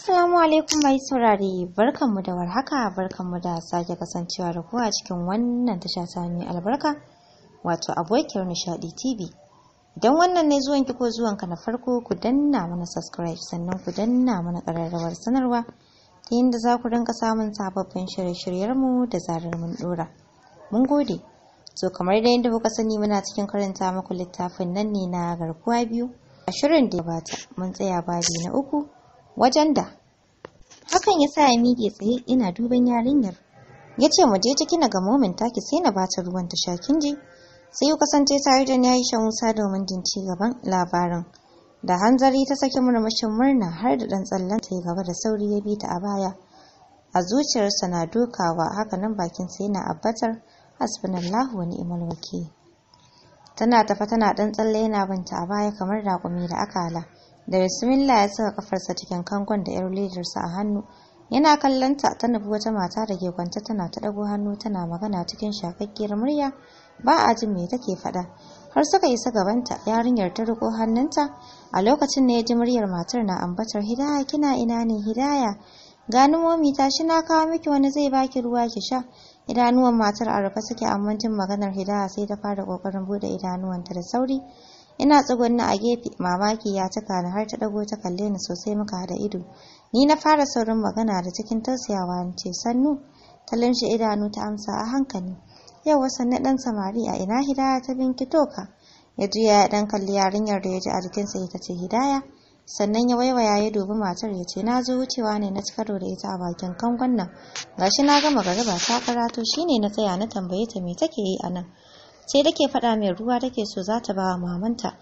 Assalamu alaikum mai saurare barkanmu da warhaka barkanmu da sake kasancewa da kowa cikin wannan tasha ta mai albarka wato abokiyar nishadi TV. Idan wannan ne zuwan ki ko zuwan ka na farko ku danna mana subscribe sannan ku danna mana kararrawar sanarwa ta yadda za ku rinka samun sababbin shirye-shiryen mu da zarar mun dora. Mun gode. To kamar da yadda kuka sani muna cikin karanta muku littafin nan ne na garkuwa biyu. A shirin da ya gabata. mun tsaya babi na uku. wajen da hakan ya sa ya mige tsaye ina duban yarinyar ya ce mu je ciki na ga momin taki sai na bata ruwan ta sha kinji sai ku kasance tare da na shan musa domin jin ci gaban labarin da hanzari ta saki murmushin murna har da ɗan tsallen ta gaba da sauri ya bi ta a baya a zuciyarsa na dokawa nan bakin sa yana abbatar hasbunallahu wa ni'mal wakil tana tafa tana ɗan tsalle yana binta a baya kamar raƙumi da aka hala. da bismillah ya saka kafarsa cikin kangon da yar ledarsa a hannu yana kallon ta ta nufi wata mata da ke kwance tana ta ɗago hannu tana magana cikin shakakkiyar murya ba a jin me take faɗa har suka isa gabanta yarinyar ta riko hannunta a lokacin ne ya ji muryar matar na ambatar hidaya kina ina ne hidaya gani momi ta shi na kawo miki wani zai baki ruwa ki sha idanuwan matar a rufe suke amma jin maganar hidaya sai ta fara kokarin bude idanuwanta da sauri ina tsugunna a gefe mamaki ya cika ni har ta dago ta kalle ni sosai muka hada ido ni na fara saurin magana da cikin tausayawa ni ce sannu ta lamshe idanu ta amsa a hankali yau wasan na dan samari a ina hidaya ta binki toka ya juya ya dan kalli yarinyar da ya ji a jikinsa ita ce hidaya sannan ya waiwaya ya dubi matar ya ce na zo wucewa ne na cikaro da ita a bakin kangon nan gashi na gama gari ba ta karato shine na tsaya na tambaye ta me take yi a nan sai take faɗa mai ruwa take so za ta bawa mamanta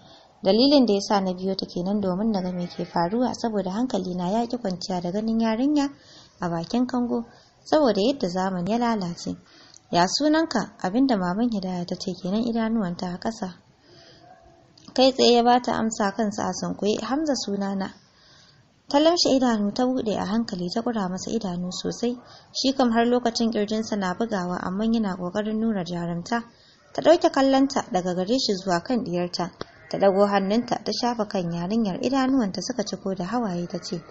dalilin da ya sa na biyo ta kenan domin na ga me ke faruwa saboda hankali na ya ki kwanciya da ganin yarinya a bakin kango saboda yadda zamani ya lalace ya sunanka abinda maman hidaya ta ce kenan idanuwanta a ƙasa kai tsaye ya bata amsa kansa a sunkuye hamza sunana ta lamshe idanu ta buɗe a hankali ta kura masa idanu sosai shi kam har lokacin kirjinsa na bugawa amma yana kokarin nuna jarumta ta ɗauke kallonta daga gare shi zuwa kan ɗiyarta, ta ɗago hannunta ta shafa kan yarinyar idanuwanta suka ciko da hawaye ta ce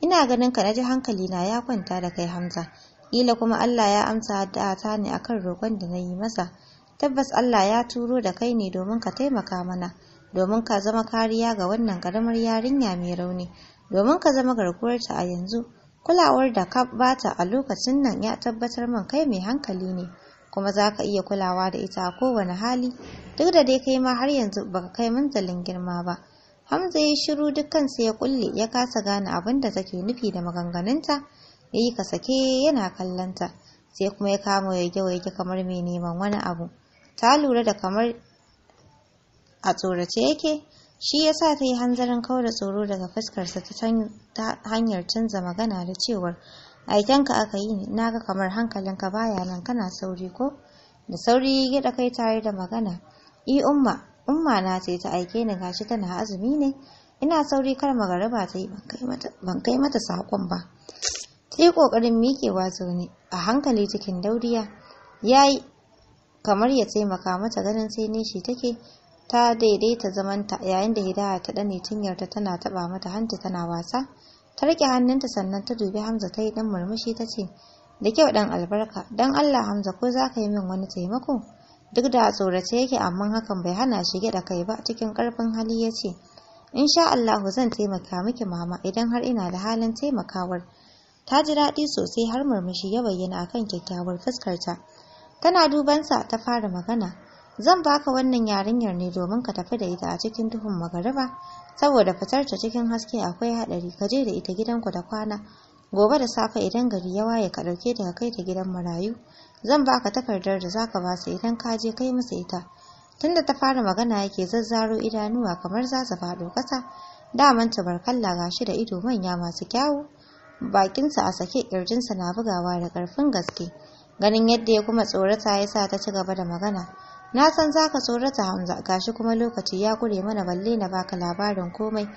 ina ganin ka naji hankali na ya kwanta da kai hamza ila kuma allah ya amsa addu'ata ne akan roƙon da na yi masa tabbas allah ya turo da kai ne domin ka taimaka mana domin ka zama kariya ga wannan karamar yarinya mai rauni domin ka zama garkuwarta a yanzu kulawar da ka bata a lokacin nan ya tabbatar man kai mai hankali ne kuma za ka iya kulawa da ita a kowane hali duk da dai kai ma har yanzu baka kai manzalin girma ba hamza ya shiru dukkansa ya kulle ya kasa gane abin da take nufi da maganganunta ya yi ka sake yana kallonta sai kuma ya kama waige yake kamar mai neman wani abu ta lura da kamar a tsorace yake shi ya sa ta yi hanzarin kawar da tsoro daga fuskarsa ta hanyar canza magana da cewar aikenka aka yi naga ga kamar hankalinka baya nan kana sauri ko da sauri ya gida kai tare da magana i umma umma na ce ta aike ni gashi tana azumi ne ina sauri kar magariba ta yi ban kai mata saƙon ba ta yi ƙoƙarin miƙewa zaune a hankali cikin dauriya ya yi kamar ya taimaka mata ganin sai nishi take ta daidaita zamanta yayin da hidaya ta ɗane cinyarta tana taɓa mata hanta tana wasa ta rike hannunta sannan ta dubi hamza ta yi dan murmushi ta ce da kyau dan albarka don allah hamza ko za ka yi min wani taimako duk da a tsorace yake amma hakan bai hana shi gida kai ba cikin ƙarfin hali ya ce sha allahu zan taimaka miki mama idan har ina da halin taimakawar ta ji daɗi sosai har murmushi ya bayyana akan kyakkyawar fuskarta tana dubansa ta fara magana zan baka wannan yarinyar ne domin ka tafi da ita a cikin duhun magariba saboda fitar ta cikin haske akwai haɗari ka je da ita gidanku da kwana gobe da safe idan gari ya waye ka dauke ta ka kai ta gidan marayu zan baka takardar da zaka ba su idan ka je kai musu ita tunda ta fara magana yake zazzaro idanuwa kamar za su fado kasa daman tabarkalla gashi da ido manya masu kyawu bakinsa a sake ƙirjinsa na bugawa da karfin gaske ganin yadda ya kuma tsorata ya sa ta ci gaba da magana na san za ka tsorata hamza gashi kuma lokaci ya kure mana balle na baka labarin komai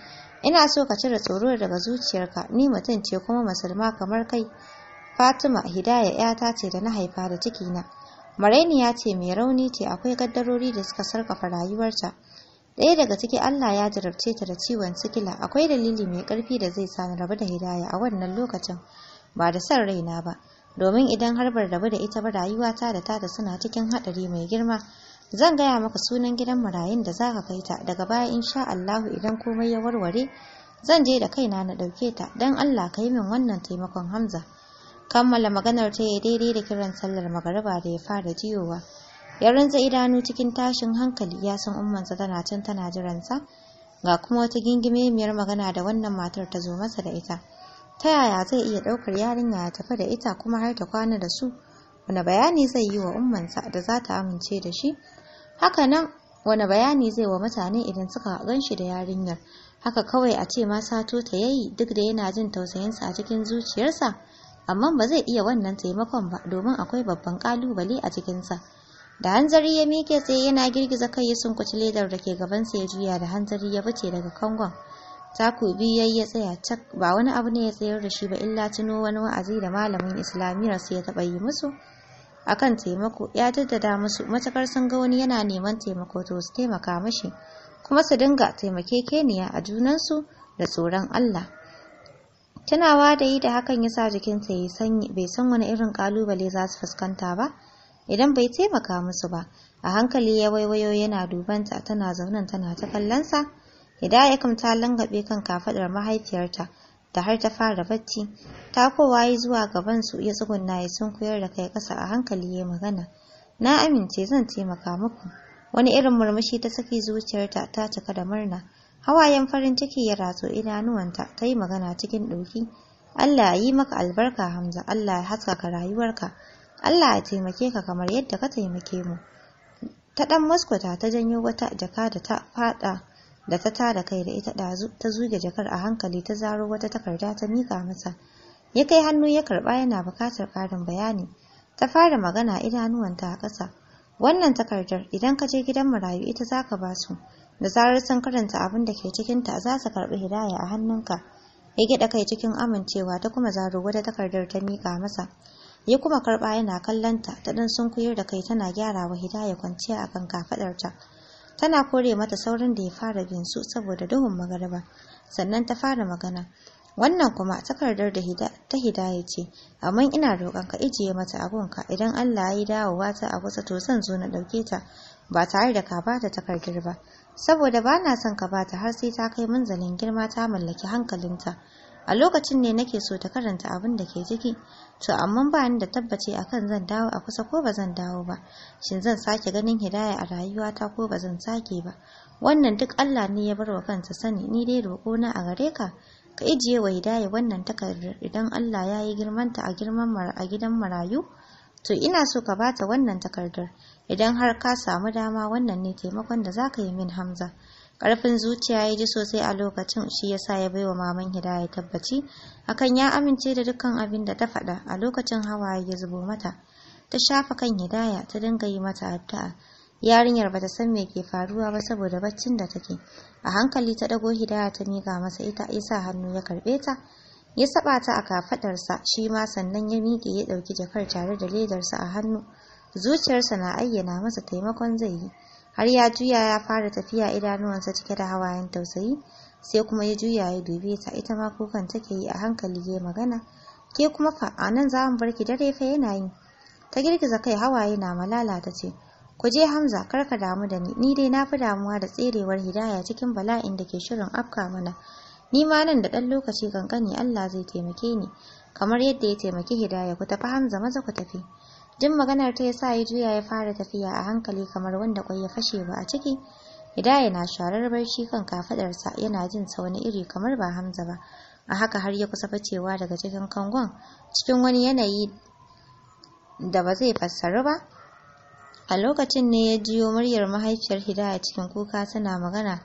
ina so ka cire tsoro daga zuciyarka ni mutum ce kuma musulma kamar kai fatima hidaya yata ce da na haifa da cikina marainiya ce mai rauni ce akwai gaddarori da suka sarkafa rayuwarta ɗaya daga ciki allah ya jarabce ta da ciwon sikila akwai dalili mai ƙarfi da zai sa na rabu da hidaya a wannan lokacin ba da son raina ba domin idan har rabu da ita ba rayuwa ta da ta suna cikin haɗari mai girma zan gaya maka sunan gidan marayun da za ka kai ta daga baya in sha Allahu idan komai ya warware zan je da kaina na ɗauke ta dan Allah ka yi min wannan taimakon Hamza kammala maganar ta ya daidai da kiran sallar magariba da ya fara jiyowa ya rantsa idanu cikin tashin hankali ya san sa tana can tana jiransa ga kuma wata gingimemiyar magana da wannan matar ta zo masa da ita ta yaya zai iya ɗaukar yarinya ya tafi da ita kuma har ta kwana da su wani bayani zai yi wa ummansa da za ta amince da shi Haka nan, wani bayani zai wa mutane idan suka gan shi da yarinyar haka kawai a ce ma sato ta yayi duk da yana jin tausayinsa a cikin zuciyarsa amma ba zai iya wannan taimakon ba domin akwai babban kalubale a cikinsa da hanzari ya mike tsaye yana girgiza kai ya sunkuci ledar da ke gabansa ya juya da hanzari ya bace daga kangon Taku yayi ya tsaya cak ba wani abu ne ya tsayar da shi ba illa tuno wani wa'azi da malamin islamiyyar su ya taɓa yi musu akan taimako ya jaddada musu matakar sun ga wani yana neman taimako to su taimaka mashi kuma su dinga taimake keniya a junansu da tsoron Allah tunawa da yi da hakan ya sa jikinsa ya sanyi bai san wani irin kalubale za su fuskanta ba idan bai taimaka musu ba a hankali ya waiwayo yana dubanta tana zaunan tana ta sa Hidaya kam ta langabe kan kafadar mahaifiyarta da har ta fara bacci. Ta kowa yi zuwa gaban su ya tsugunna ya sunkuyar da kai kasa a hankali ya magana. Na amince zan taimaka muku. Wani irin murmushi ta saki zuciyarta ta cika da murna. Hawayen farin ciki ya ratso idanuwanta ta yi magana cikin ɗauki. Allah ya yi maka albarka Hamza, Allah ya haskaka rayuwarka. Allah ya taimake ka kamar yadda ka taimake mu. Ta ɗan muskuta ta janyo wata jaka da ta faɗa da ta tada kai da ita ɗazu ta zuge jakar a hankali ta zaro wata takarda ta mika masa ya kai hannu ya karɓa yana bukatar ƙarin bayani ta fara magana idanuwanta a ƙasa wannan takardar idan ka je gidan marayu ita zaka ka ba su da zarar sun karanta abin da ke cikinta za su karɓi hidaya a hannunka ya gida kai cikin amincewa ta kuma zaro wata takardar ta mika masa ya kuma karɓa yana kallonta ta ɗan sunkuyar da kai tana gyarawa hidaya kwanciya akan kafaɗarta tana kore mata saurin da ya fara bin su saboda duhun magariba sannan ta fara magana wannan kuma takardar da ta hidaya ce amma ina roƙon ka ijiye mata abunka idan Allah ya yi dawowa ta a kusa to zan zo na ɗauke ta ba tare da ka bata takardar ba saboda ba na son ka bata har sai ta kai munzalin girma ta mallaki hankalinta a lokacin ne nake so ta karanta abin da ke ciki to amma ba ni da tabbaci akan zan dawo a kusa ko ba zan dawo ba shin zan sake ganin hidaya a rayuwata ko ba zan sake ba wannan duk Allah ne ya bar wa kansa sani ni dai na a gare ka ka ijiye wa hidaya wannan takardar idan Allah ya yi girmanta a girman a gidan marayu to ina so ka bata wannan takardar idan har ka samu dama wannan ne taimakon da zaka yi min Hamza karfin zuciya ya ji sosai a lokacin shi ya sa ya bai wa maman hidaya tabbaci akan ya amince da dukkan abin da ta faɗa a lokacin hawa ya zubo mata ta shafa kan hidaya ta dinga yi mata addu'a yarinyar bata san me ke faruwa ba saboda baccin da take a hankali ta ɗago hidaya ta miƙa masa ita ya sa hannu ya karɓe ta ya saɓa ta a kafaɗarsa, shi ma sannan ya miƙe ya ɗauki jakar tare da ledarsa a hannu zuciyarsa na ayyana masa taimakon zai yi har ya juya ya fara tafiya idanuwansa cike da hawayen tausayi sai kuma ya juya ya dube ta ita ma kukan take yi a hankali ya magana ke kuma fa a nan za mu bar ki dare fa yana yi ta girgiza kai hawaye na malala ta ce ku je hamza kar ka damu da ni ni dai na fi damuwa da tserewar hidaya cikin bala'in da ke shirin afka mana ni ma nan da ɗan lokaci kankani allah zai taimake ni kamar yadda ya taimaki hidaya ku tafi hamza maza ku tafi jin maganar ta yasa ya juya ya fara tafiya a hankali kamar wanda kwai ya fashe ba a ciki hidaya na sharar barci kan kafadarsa yana jin sa wani iri kamar ba hamza ba a haka har ya kusa bacewa daga cikin kangon cikin wani yanayi da ba zai fassaru ba a lokacin ne ya jiyo muryar mahaifiyar hidaya cikin kuka tana magana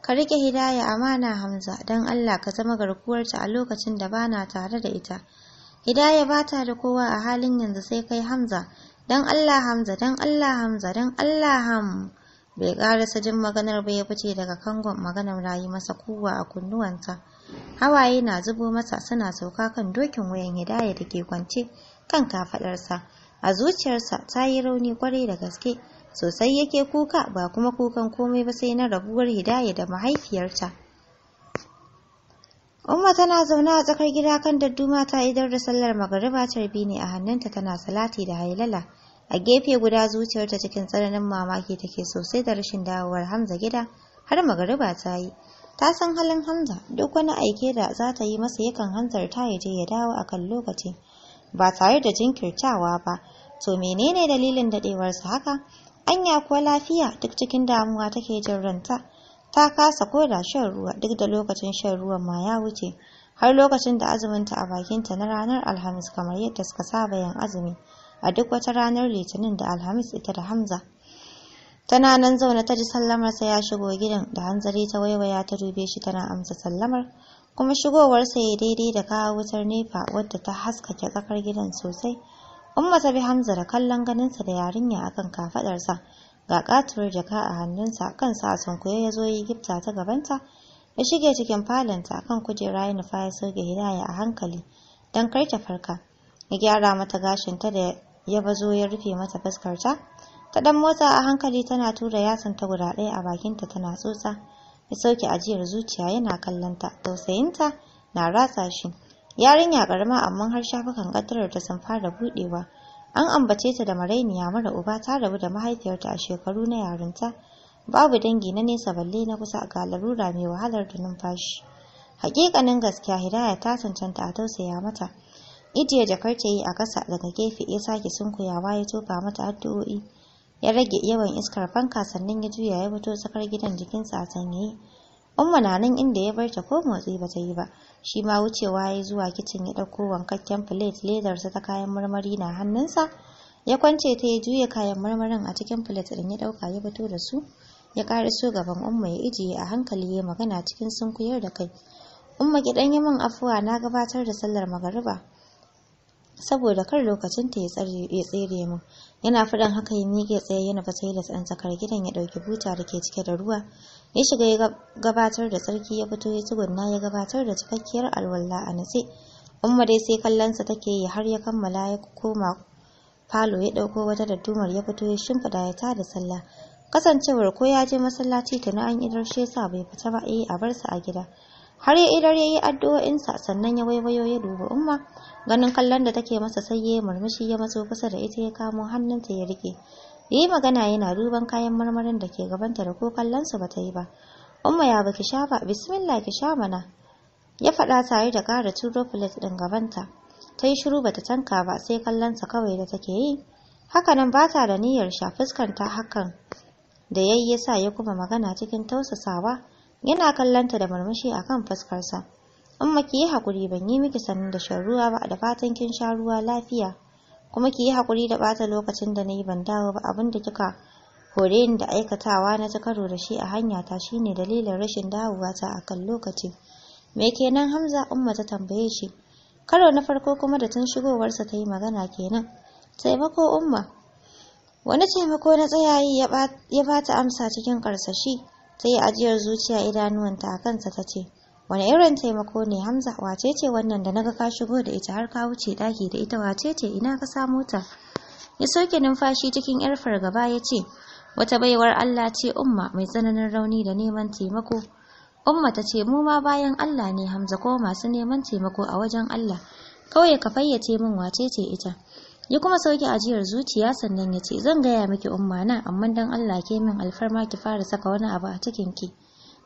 ka rike hidaya amana hamza don allah ka zama garkuwarta a lokacin da bana tare da ita Hidaya ba ta da kowa a halin yanzu sai kai Hamza, don Allah Hamza, don Allah Hamza, don Allah Ham. Bai ƙarasa jin maganar ba ya fice daga kangon maganar rayu masa kowa a kunnuwanta. Hawaye na zubo masa suna sauka kan dokin wayan Hidaya da ke kwance kan kafaɗarsa. A zuciyarsa ta yi rauni kwarai da gaske, sosai yake kuka ba kuma kukan komai ba sai na rabuwar Hidaya da mahaifiyarta. Umma tana zaune a tsakar gida kan dadduma ta idar da sallar magariba tarbi ne a hannunta tana salati da hailala. A gefe guda zuciyarta cikin tsananin mamaki take sosai da rashin dawowar Hamza gida har magariba ta yi. Ta san halin Hamza duk wani aike da za ta yi masa yakan ta ya je ya dawo a kan lokaci ba tare da jinkirtawa ba. To menene dalilin daɗewarsa haka? Anya kuwa lafiya duk cikin damuwa take jin ranta. ta kasa koda shan ruwa duk da lokacin shan ruwan ma ya wuce har lokacin da azuminta a bakinta na ranar alhamis kamar yadda suka saba yin azumi a duk wata ranar litinin da alhamis ita da hamza tana nan zaune ta ji sallamar sallamarsa ya shigo gidan da hanzari ta waiwaya ta dube shi tana amsa sallamar kuma shigowarsa ya daidai da kawo wutar nefa wadda ta haskake tsakar gidan sosai umma ta bi hamza da kallon ganinsa da yarinya akan kafadarsa ga katuwar jaka a hannunsa kan sa sunkuye ya zo yi gifta ta gabanta ya shige cikin falonta kan kujera ya nufa ya sauke hidaya a hankali don kar ta farka ya gyara mata gashinta da ya bazo ya rufe mata fuskarta ta dan motsa a hankali tana tura ta guda ɗaya a bakinta tana tsotsa ya sauke ajiyar zuciya yana kallonta tausayinta na ratsa shi yarinya karama amma har shafukan ƙaddarar ta sun fara budewa An ambace ta da marainiya mara uba ta rabu da mahaifiyarta a shekaru na yarinta, babu dangi na nesa balle na kusa ga larura mai wahalar da numfashi. Hakikanin gaskiya Hidaya ta cancanta a tausaya mata. Ijiya jakar ta yi a kasa daga gefe ya sake sunkuyawa ya tofa mata addu'o'i. Ya rage yawan iskar fanka sannan ya juya ya fito tsakar gidan jikinsa a sanyaye. Umma na nan inda ya bar ta ko motsi ba ta yi ba. Shi ma wucewa ya zuwa kicin ya ɗauko wankakken filet ledarsa ta kayan marmari na hannunsa. Ya kwance ta ya juya kayan marmarin a cikin filet ɗin ya ɗauka ya fito da su. Ya so gaban Umma ya ijiye a hankali ya magana cikin sunkuyar da kai. Umma ki ɗan yi min afuwa na gabatar da sallar magariba. Saboda kar lokacin ta ya tsere min. Yana faɗin haka ya miƙe tsaye yana nufa yi da tsakar gidan ya ɗauki buta da ke cike da ruwa. ya shiga ya gabatar da tsarki ya fito ya tsugunna ya gabatar da cikakkiyar alwala a natse umma dai sai kallonsa take yi har ya kammala ya koma falo ya ɗauko wata daddumar ya fito ya shimfida ya ta da sallah kasancewar ko ya je masallaci tana an idar shi yasa bai fita ba eh a bar sa a gida har ya idar yayi addu'o'insa sannan ya waiwayo ya duba umma ganin kallon da take masa sai ya murmushi ya maso kusa da ita ya kamo hannunta ya rike yi magana yana duban kayan marmarin da ke gabanta da ko kallonsa ba ta yi ba umma ya baki sha ba bismillah ki sha mana ya faɗa tare da ƙara turo plate ɗin gabanta ta yi shiru bata tanka ba sai kallonsa kawai da take yi hakanan ba ta da niyyar sha fuskanta hakan da yayi yasa ya kuma magana cikin tausasawa yana kallonta da murmushi akan fuskarsa umma ki yi hakuri ban yi miki sanin da shan ruwa ba da fatan kin sha ruwa lafiya kuma ki yi hakuri da bata lokacin da na yi ban dawo ba abin da kika hore ni da aikatawa na ta karo da shi a hanya ta shine dalilin rashin dawowa ta akan lokaci me kenan Hamza umma ta tambaye shi karo na farko kuma da tun shigowarsa ta yi magana kenan taimako umma wani taimako na tsayayi ya bata amsa cikin karsashi ta yi ajiyar zuciya idanuwanta a kansa ta ce wani irin taimako ne hamza wace ce wannan da naga ka shigo da ita har ka wuce daki da ita wace ce ina ka samo ta ya soke numfashi cikin yar fargaba ya ce wata baiwar allah ce umma mai tsananin rauni da neman taimako umma ta ce mu ma bayan allah ne hamza ko masu neman taimako a wajen allah kawai ka fayyace min wace ce ita ya kuma sauke ajiyar zuciya sannan ya ce zan gaya miki umma na amma dan allah ke min alfarma ki fara saka wani abu a cikin ki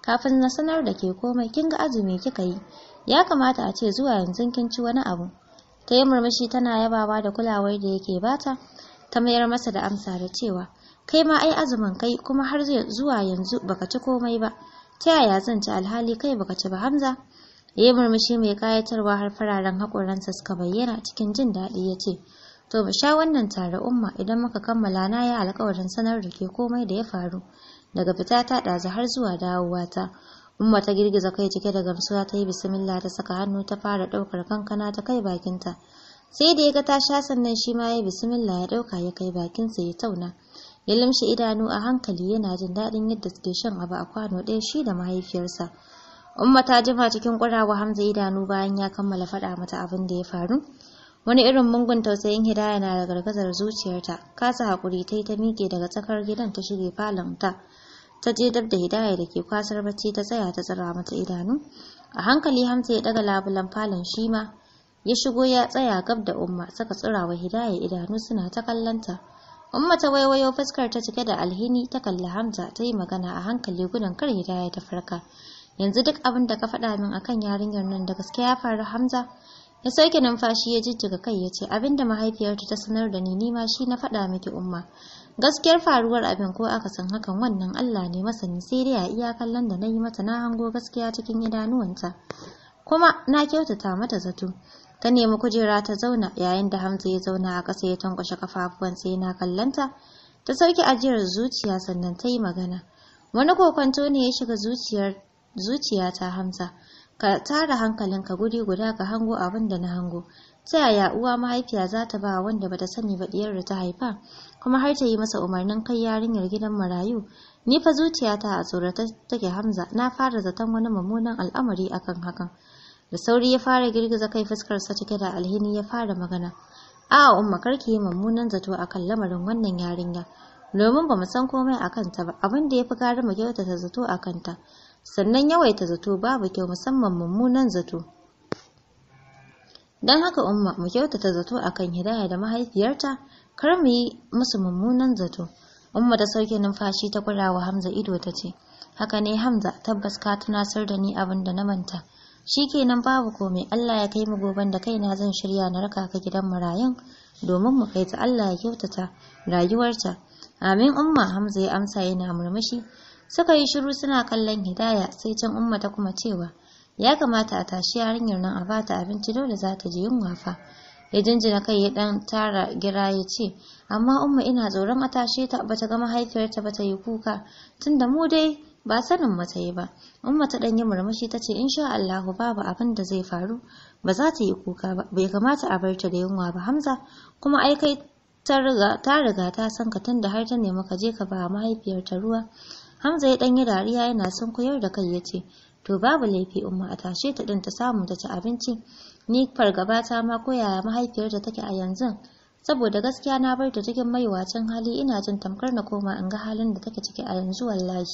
kafin na sanar da ke komai kin ga azumi kika yi ya kamata a ce zuwa yanzu kin ci wani abu ta yi murmushi tana yabawa da kulawar da yake bata ta mayar masa da amsa da cewa kai ma ai azumin kai kuma har zuwa yanzu baka ci komai ba ta yaya zan ci alhali kai baka ci ba hamza ya yi murmushi mai kayatarwa har fararen haƙoransa suka bayyana cikin jin daɗi ya ce to mu sha wannan tare umma idan muka kammala na ya alƙawarin sanar da ke komai da ya faru daga fita ta ɗazu har zuwa dawowa ta umma ta girgiza kai cike da gamsuwa ta yi bismillah ta saka hannu ta fara ɗaukar kankana ta kai bakinta sai da ya ga ta sha sannan shi ma ya bismillah ya ɗauka ya kai bakinsa ya tauna ya limshi idanu a hankali yana jin daɗin yadda suke shan abu a kwano ɗaya shi da mahaifiyarsa umma ta jima cikin ƙurawa hamza idanu bayan ya kammala faɗa mata abin da ya faru wani irin mungun tausayin hidaya na da gargazar zuciyarta kasa hakuri ta yi ta miƙe daga tsakar gidan ta shige falon ta ta je dab da hidaya da ke kwasar bacci ta tsaya ta tsira mata idanu a hankali hamza ya daga labulan falon shi ma ya shigo ya tsaya gab da umma saka tsirawa hidaya idanu suna ta kallanta umma ta waiwayo fuskar ta cike da alhini ta kalli hamza ta yi magana a hankali gudun kar hidaya ta farka yanzu duk abin da ka faɗa min akan yarinyar nan da gaske ya faru hamza ya sauke numfashi ya jijjiga kai ya ce abin da mahaifiyarta ta sanar da ni nima shi na faɗa miki umma gaskiyar faruwar abin ko aka san hakan wannan Allah ne masani sai dai a iya kallon da na yi mata na hango gaskiya cikin idanuwanta kuma na kyautata mata zato ta nemi kujera ta zauna yayin da Hamza ya zauna a ƙasa ya tankwashe kafafuwan sai na kallanta ta sauke ajiyar zuciya sannan ta yi magana wani kokonto ne ya shiga zuciyar zuciyata Hamza ka tara hankalinka guri guda ka hango abin da na hango ta yaya uwa mahaifiya za ta ba wanda bata sani ba diyar da ta haifa kuma har ta yi masa umarnin kai yarinyar gidan marayu ni fa zuciyata a tsorata take hamza na fara zaton wani mummunan al'amari akan hakan da sauri ya fara girgiza kai fuskarsa take da alhini ya fara magana a umma karki yi mummunan zato akan lamarin wannan yarinya domin ba mu san komai a kanta ba abin da ya fi gari mu kyautata zato a kanta sannan yawaita zato babu kyau musamman mummunan zato don haka umma mu kyautata zato akan hidaya da mahaifiyarta kar mu yi musu mummunan zato umma ta sauke numfashi ta wa hamza ido ta ce haka ne hamza tabbas ka tunasar da ni abin da na manta shikenan babu komai Allah ya kai mu goben da kaina zan shirya na raka ka gidan marayan domin mu kai ta Allah ya kyautata rayuwarta amin umma hamza ya amsa yana murmushi suka yi shiru suna kallon hidaya sai can umma ta kuma cewa ya kamata a tashi yarinyar nan a bata abinci dole za ta ji yunwa fa ya jinjina kai ya dan tara gira ya ce amma umma ina tsoron a tashe ta bata ga mahaifiyarta bata yi kuka tunda mu dai ba sanin mata yi ba umma ta dan yi murmushi ta ce insha Allah babu abin da zai faru ba za ta yi kuka ba bai kamata a bar ta da yunwa ba Hamza kuma ai kai ta riga ta riga ta san ka tunda har ta nemi ka je ka ba mahaifiyarta ruwa Hamza ya ɗanyi dariya yana son koyar da kai ya ce, To babu laifi umma a tashe ta ɗin ta samu ta ci abinci, ni fargaba ta ma koyaya mahaifiyarta take a yanzu. Saboda gaskiya na bar ta cikin mai wacan hali ina jin tamkar na koma in ga halin da take ciki a yanzu wallahi.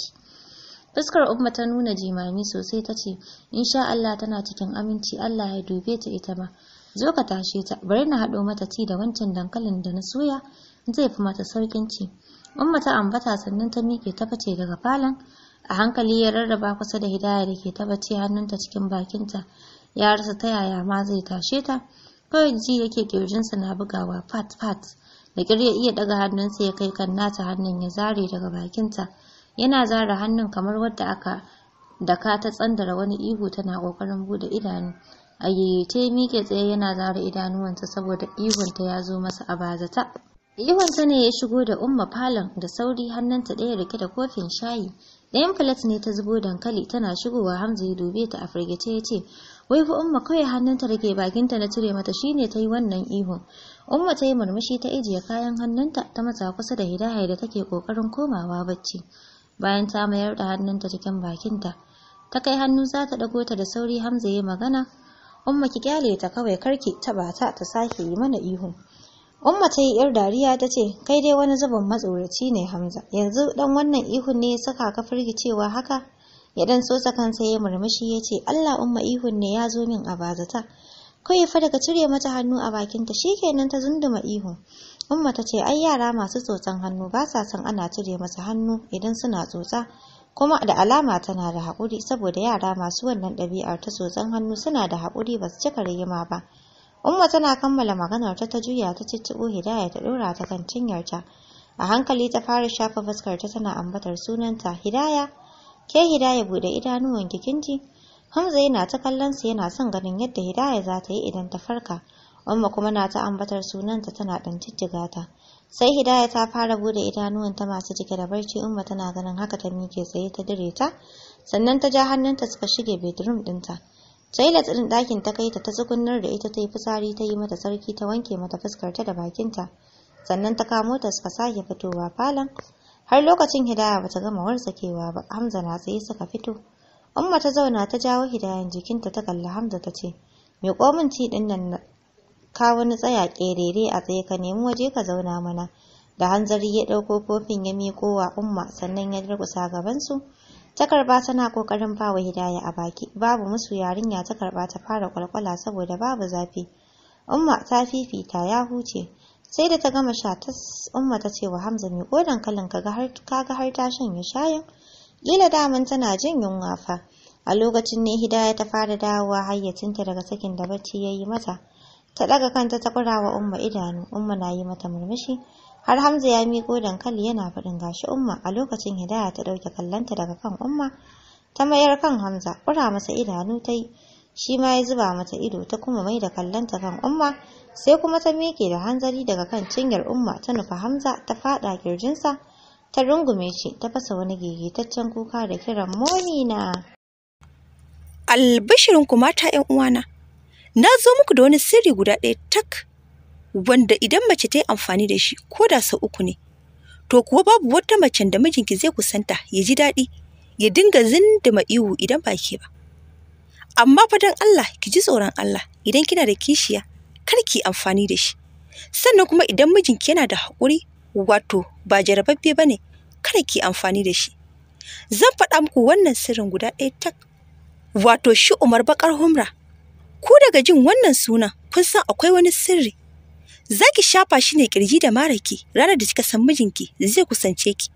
Fuskar Umma ta nuna jimami sosai ta ce, Insha Allah tana cikin aminci Allah ya dube ta ita ma. Zo ka tashe ta, bari na haɗo mata ci da wancan dankalin da na soya, zai fi mata sauƙin ci. Umma ta ambata sannan ta miƙe ta fice daga falon. A hankali ya rarraba kusa da Hidaya da ke ta hannunta cikin bakinta. Ya rasa ta yaya ma zai tashe ta. Kawai ji yake kirjinsa na bugawa fat fat. Da ƙir ya iya ɗaga hannunsa ya kai kan nata hannun ya zare daga bakinta. Yana zara hannun kamar wadda aka daka ta tsandara wani ihu tana ƙoƙarin buɗe idanu. A yayyate miƙe tsaye yana zara idanuwanta saboda ihunta ya zo masa a bazata. Liwanta ne ya shigo da umma falon da sauri hannunta ɗaya rike da kofin shayi. Ɗayan filet ne ta zubo dankali tana shigowa Hamza ya dube ta a firgice ya ce, Wai fa umma kawai hannunta da ke bakinta na cire mata shine ta yi wannan ihu. Umma ta yi murmushi ta ijiye kayan hannunta ta matsa kusa da hidaya da take ƙoƙarin komawa bacci. Bayan ta mayar da hannunta cikin bakinta, ta kai hannu za ta ɗago ta da sauri Hamza ya magana. Umma ki kyale ta kawai karki taɓa ta ta sake yi mana ihu. Umma ta yi ‘yar dariya ta ce, Kai dai wani zubin matsoraci ne Hamza, yanzu ɗan wannan ihun ne ya saka ka firgicewa haka? Ya dan sosa kansa ya murmushi ya ce, Allah umma ihun ne ya zo min a bazata. Kawai fa daga cire mata hannu a bakinta shi shikenan ta zunduma ihu. Umma ta ce, Ai yara masu tsotsan hannu ba sa son ana cire masa hannu idan suna tsotsa. Kuma da alama tana da haƙuri saboda yara masu wannan ɗabi'ar ta tsotsan hannu suna da haƙuri ba su cika rigima ba. Umma tana kammala maganar ta ta juya ta cicciɓo Hidaya ta ɗora ta kan cinyarta. A hankali ta fara shafa fuskar ta tana ambatar sunanta Hidaya. Ke Hidaya bude idanuwan kinji. Hamza yana ta kallon su yana son ganin yadda Hidaya za ta yi idan ta farka. Umma kuma na ta ambatar sunanta tana ɗan jijjiga ta. Sai Hidaya ta fara bude idanuwan ta masu cike da barci Umma tana ganin haka ta miƙe, tsaye ta dire ta. Sannan ta ja hannunta suka shige bedroom ɗinta. Jailat ɗin ɗakin ta kai ta ta da ita ta yi fitsari ta yi mata sarki ta wanke mata fuskarta da bakinta. Sannan ta kamo ta suka sake fitowa falon. Har lokacin Hidaya bata gama warsakewa ba, Hamza na tsaye suka fito. Umma ta zauna ta jawo Hidayan jikinta ta kalli Hamza ta ce, "Me komin ci ɗin nan ka wani tsaya ƙerere a tsaye ka nemi waje ka zauna mana." Da hanzari ya ɗauko kofin ya miƙo wa Umma sannan ya durƙusa gabansu. ta karba tana kokarin bawa hidaya a baki babu musu yarinya ta karba ta fara kwalkwala saboda babu zafi umma ta fifita ya huce sai da ta gama sha ta umma ta ce wa hamza mai kodan kalin kaga har kaga har ta shanye shayin kila daman tana jin yunwa fa a lokacin ne hidaya ta fara dawowa hayyacinta daga sakin da bacci yi mata ta daga kanta ta kurawa umma idanu umma na yi mata murmushi har hamza ya miko dankali yana faɗin gashi umma a lokacin hidaya ta ɗauke kallanta daga kan umma ta mayar kan hamza ƙura masa idanu ta yi shi ma ya zuba mata ido ta kuma mai da kallanta kan umma sai kuma ta miƙe da hanzari daga kan cinyar umma ta nufa hamza ta faɗa kirjinsa ta rungume ce ta fasa wani gegetaccen kuka da kiran monina kuma ta 'yan uwana na zo muku da wani sirri guda ɗaya tak wanda idan mace ta yi amfani da shi ko da sau uku ne to kuwa babu wata mace da mijinki zai kusanta ya ji daɗi ya dinga zindima ihu idan ba ke ba amma fa dan Allah ki ji tsoron Allah idan kina da kishiya kar ki amfani da shi sannan kuma idan mijinki yana da haƙuri wato ba jarababbe ba ne kar ki amfani da shi zan faɗa muku wannan sirrin guda ɗaya tak wato shi umar baƙar humra ku daga jin wannan sunan kun san akwai wani sirri zaki shafa shi ne kirji da maraki ranar da kika san mijinki zai kusance ki.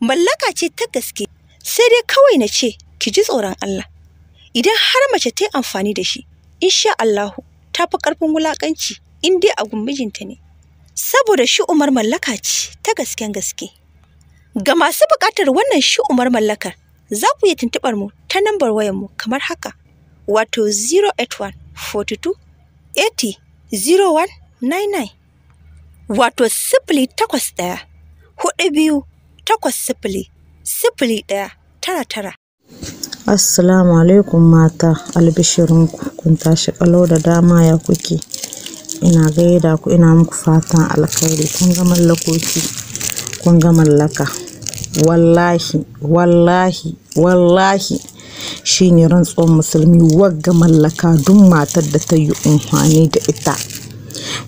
Mallaka ce ta gaske, sai dai kawai na ce ki ji tsoron Allah. Idan har mace ta yi amfani da shi, insha Allahu ta fi ƙarfin wulaƙanci in dai a gun mijinta ne. Saboda shi umar mallaka ce ta gasken gaske. Ga masu buƙatar wannan shi umar mallakar, za ku iya tuntuɓar mu ta nambar wayar mu kamar haka, wato 081 42 80 01 99 wato sifili takwas ɗaya hudu biyu takwas sifili sifili ɗaya tara tara. Assalamu alaikum mata albishirinku kun tashi kalo da dama ya kuke ina gaida ku ina muku fatan alkhairi kun ga mallakoki kun ga mallaka wallahi wallahi wallahi shine rantsuwar musulmi wagga mallaka duk matar da ta yi amfani da ita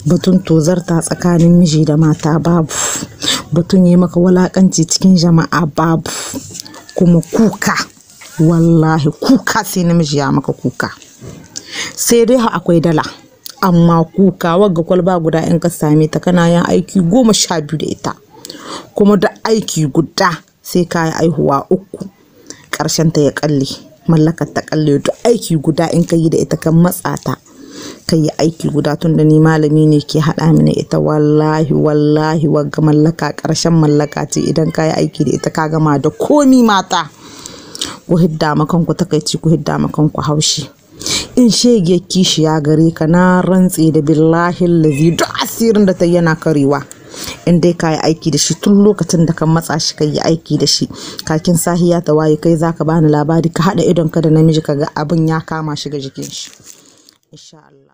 batun tozarta tsakanin miji da mata babu batun yi maka walakanci cikin jama'a babu kuma kuka wallahi kuka sai namiji ya maka kuka sai dai akwai dala amma kuka wagga kwalba guda in ka same ta kana yin aiki goma sha biyu da ita kuma da aiki guda sai ka yi aihuwa uku ƙarshen ta ya kalle mallakar ta kalle duk aiki guda in ka yi da ita kan matsata. ka yi aiki guda tun da ni malami ne ke haɗa mini ita wallahi wallahi wagga mallaka ƙarshen mallaka ce idan ka yi aiki da ita ka gama da komi mata ku hidda makanku takaici ku hidda makanku haushi in shege kishi ya gare ka na rantse da billahi lazi duk asirin da ta yana karewa in dai ka yi aiki da shi tun lokacin da ka matsa shi ka yi aiki da shi kakin sahiya ta waye kai zaka bani labari ka haɗa ka da namiji ka ga abin ya kama shi ga jikin shi ইনশাআল্লাহ